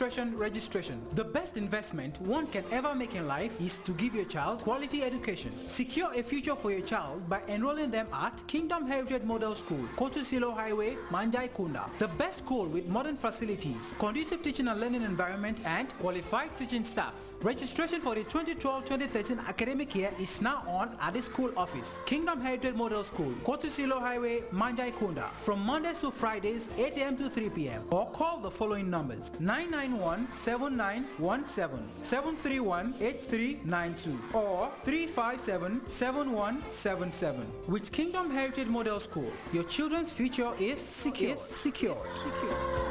registration, registration. The best investment one can ever make in life is to give your child quality education. Secure a future for your child by enrolling them at Kingdom Heritage Model School, Kotusilo Highway, Manjai Kunda. The best school with modern facilities, conducive teaching and learning environment and qualified teaching staff. Registration for the 2012-2013 academic year is now on at the school office. Kingdom Heritage Model School, Kotusilo Highway, Manjai Kunda. From Mondays to Fridays, 8 a.m. to 3 p.m. Or call the following numbers. 99. 791-7917, 731-8392 or 357-7177. With Kingdom Heritage Model School, your children's future is secure. Is secure. Is secure.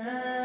Uh...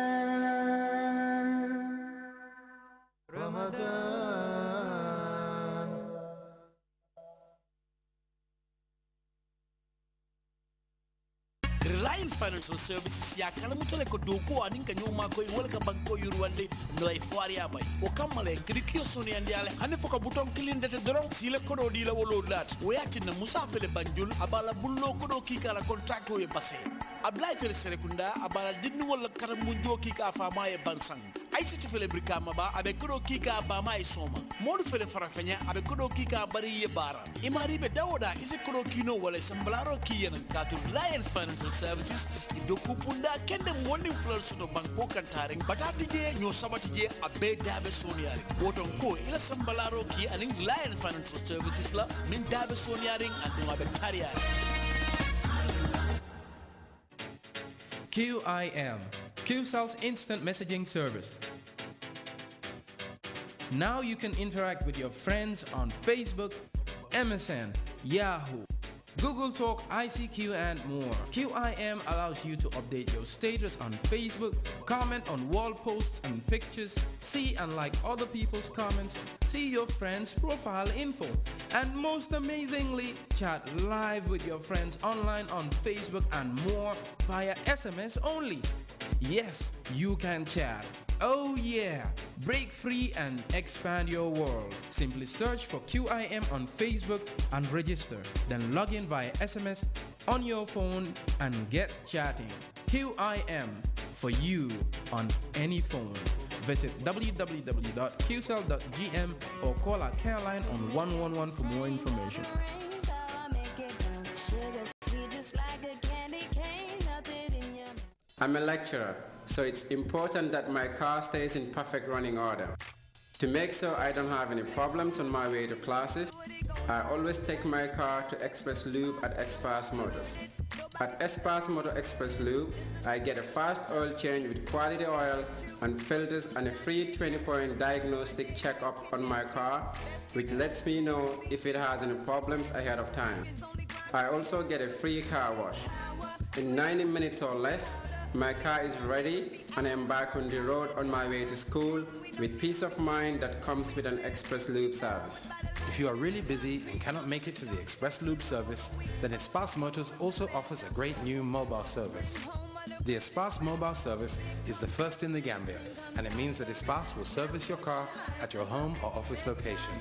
Financial Services ya mutole ko doko ka nyuma ko ka banko yurwande no ay foari abay o kamale krikio soni andi ale hande foka buton kilindete doron sile kodo di la wolo lat o na Musa Fele Banjul abala bullo kodo kala contact o ye basse Ablaye Fele Serekunda abala dinni wala karam mu joki ka fama ye bansang ay tu fele brika maba abe kodo kika ba mai soma modu fele farafenya abe kodo kika bari ye bara imari be dawoda isi kodo kino wala semblaro k'a katu lion Financial Services do kupunda kende mwoni fulal soto banko kantaring batati je nyo sabati je abe dabe soniari woton ko ila semblaro ki aning lion Financial Services la min dabe soniari andu abe tariyari QIM, QSAL's instant messaging service Now you can interact with your friends on Facebook, MSN, Yahoo, Google Talk, ICQ and more. QIM allows you to update your status on Facebook, comment on wall posts and pictures, see and like other people's comments, see your friends' profile info, and most amazingly, chat live with your friends online on Facebook and more via SMS only. Yes, you can chat. Oh yeah! Break free and expand your world. Simply search for QIM on Facebook and register. Then log in via SMS on your phone and get chatting. QIM for you on any phone. Visit www.qcell.gm or call our care line on 111 for more information. I'm a lecturer so it's important that my car stays in perfect running order. To make sure I don't have any problems on my way to classes, I always take my car to Express Lube at Express Motors. At Express Motor Express Lube, I get a fast oil change with quality oil and filters and a free 20-point diagnostic checkup on my car, which lets me know if it has any problems ahead of time. I also get a free car wash. In 90 minutes or less, my car is ready and I am back on the road on my way to school with peace of mind that comes with an Express Loop service. If you are really busy and cannot make it to the Express Loop service, then Espas Motors also offers a great new mobile service. The Espas mobile service is the first in the Gambia, and it means that Espas will service your car at your home or office location.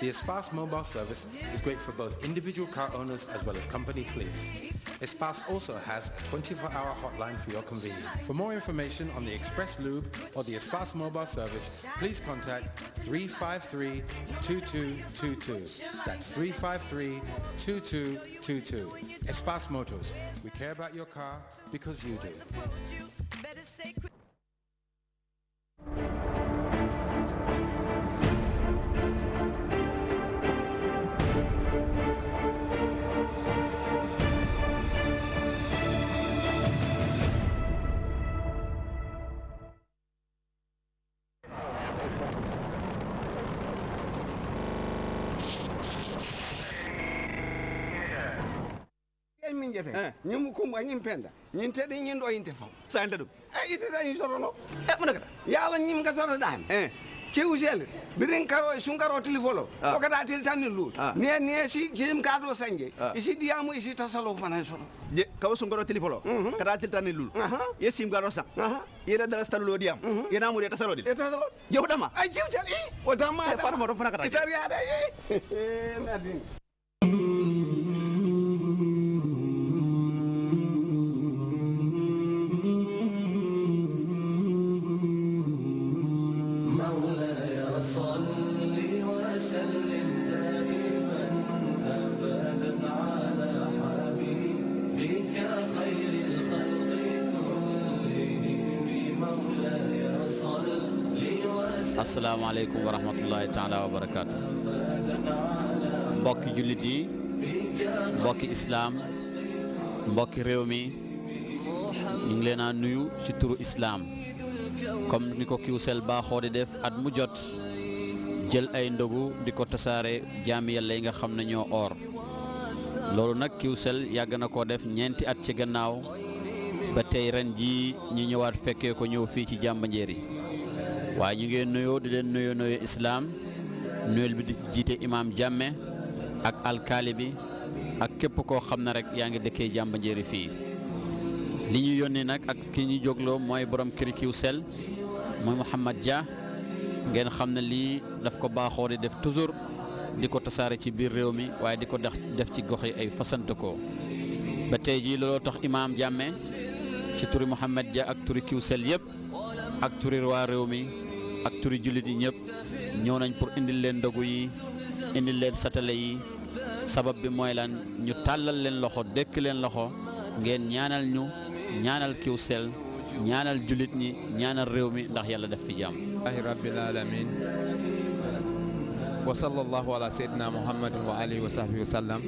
The Espas mobile service is great for both individual car owners as well as company fleets. Espas also has a 24-hour hotline for your convenience. For more information on the Express Lube or the Espas mobile service, please contact 353-2222. That's 353-2222. Espas Motors. We care about your car because you do. jete ñim eh. ko mo ñim penda ñin tede ñin do yinte faw sa ente dum e eh, ite da sotono e eh, mo nakata yalla ñim ka sorono daan cewu sel birin karo sun karo tilifolo ah. o kada til tan lu ah. ne ne si jim ka do sanje ah. isi diamu isi tasalo fana so je kawo sun karo tilifolo mhm. kada til tan lu ye sim garo sa ye da dara stalo diam mhm. ye namu de tasalo de tasalo je dama ay jew sel i o dama fana mo fana kada itariya da ye na asalaamaaleykum wa rahmatullahi taala wa barakaatu mbokki jullit yi mbokki islaam mbokki réew mi ñu ngi leen a nuyu ci turu islaam comme ni ko Qcell baaxoo di def at mu jot jël ay ndogu di ko tasaare jaami yàlla yi nga xam ne ñoo oor loolu nag Qcell yàgg na koo def ñeenti at ci gannaaw ba tey ren ji ñu ñëwaat fekkee ko ñëw fii ci yi waaye ñu ngeen nuyoo di leen nuyoo nuyoo islaam nuyoo bi di jiite imaam jàmme ak alkaali bi ak képp koo xam ne rek yaa ngi dëkkee jàmba njéeri fii li ñu yónni nag ak ki ñu jógloo mooy borom kirikiw sel mooy Mouhamad Dia ngeen xam ne lii daf ko baaxoo di def toujours di ko tasaare ci biir réew mi waaye di ko def ci gox yi ay fasante ko ba tey jii looloo tax imaam jàmme ci turi Mouhamad ja ak turi kiw sel yëpp ak turi waa réew mi ak turi julit yi ñep ñëw nañ pour indi leen ndogu yi indi leen satale yi sabab bi moy lan ñu talal leen loxo dékk leen loxo ngeen ñaanal ñu ñaanal kiw sel ñaanal julit ñi ñaanal rew mi ndax yàlla def fi jam ahi rabbil alamin wa sallallahu ala sayyidina muhammad wa alihi wa sahbihi wa sallam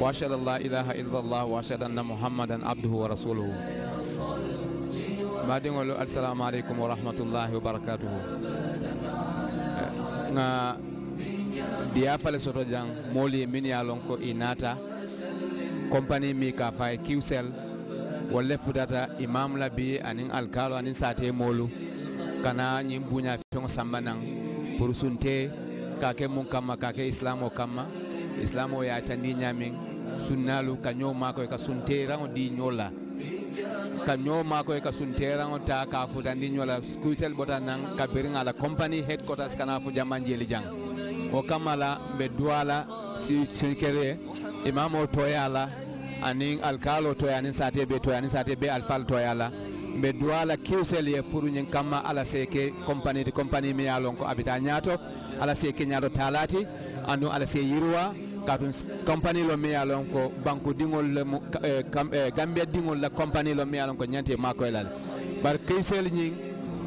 wa ashhadu an la ilaha illa allah wa ashhadu anna muhammadan abduhu wa rasuluhu mbaɗigol assalamu aleykum wa rahmatullahi wa barakatuhu ga eh, diya fale soto jan mooli e min ya lon ko i naata compagnie mi ka faye kiwsel wolle futata imam labi anin alkalo anin sate molu kana ñin buña feŋo samba naŋ pour sunte ka ke mun kamma ka ke islamo kamma islamo yacandi ñamin sunnalu ka ñoo makoy ka sunte raŋo di ñola ka ñoo maako e ka sun ta ka futandi ñola kuisel bota naŋ ka biriŋa la compagnie headquarters kana fu jamman jeli jang o kamala be mbe si sinkere imam toya la aniŋ alkalo toya aniŋ sate be toya aniŋ sate be alfal toya la mbe duwa la kiusel ye pour ñiŋ kamma ala seke ke compagnie ti compagnie mi ye lon ko abita ñaato ala seke ke ñaato taalaati anduŋ ala se yirwa katum compagnie lo miya lon ko banque dingol le eh, eh, gambia dingol la compagnie lo miya lon ko ñanti makoy e lal bar keysel ñing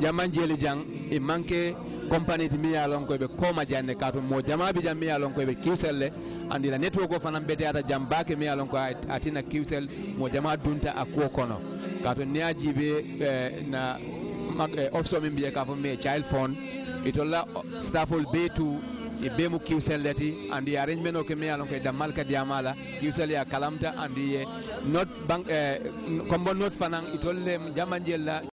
jaman jeli jang e manke compagnie ti miya lon ko be koma jande katum mo jama bi jam miya lon ko be keysel le andi la network ko fanam bete ata jam baake miya lon ko atina keysel mo jama dunta akuo kono katum niya jibe eh, na eh, office o min biye ka fo me child phone itola staffol be tu e bemu kiwselleti andi a reñ men oke me alon koye dammal malka diamala kiwsel ya kalamta andi ye not bank eh, kombo not fanan itolle jamanjel la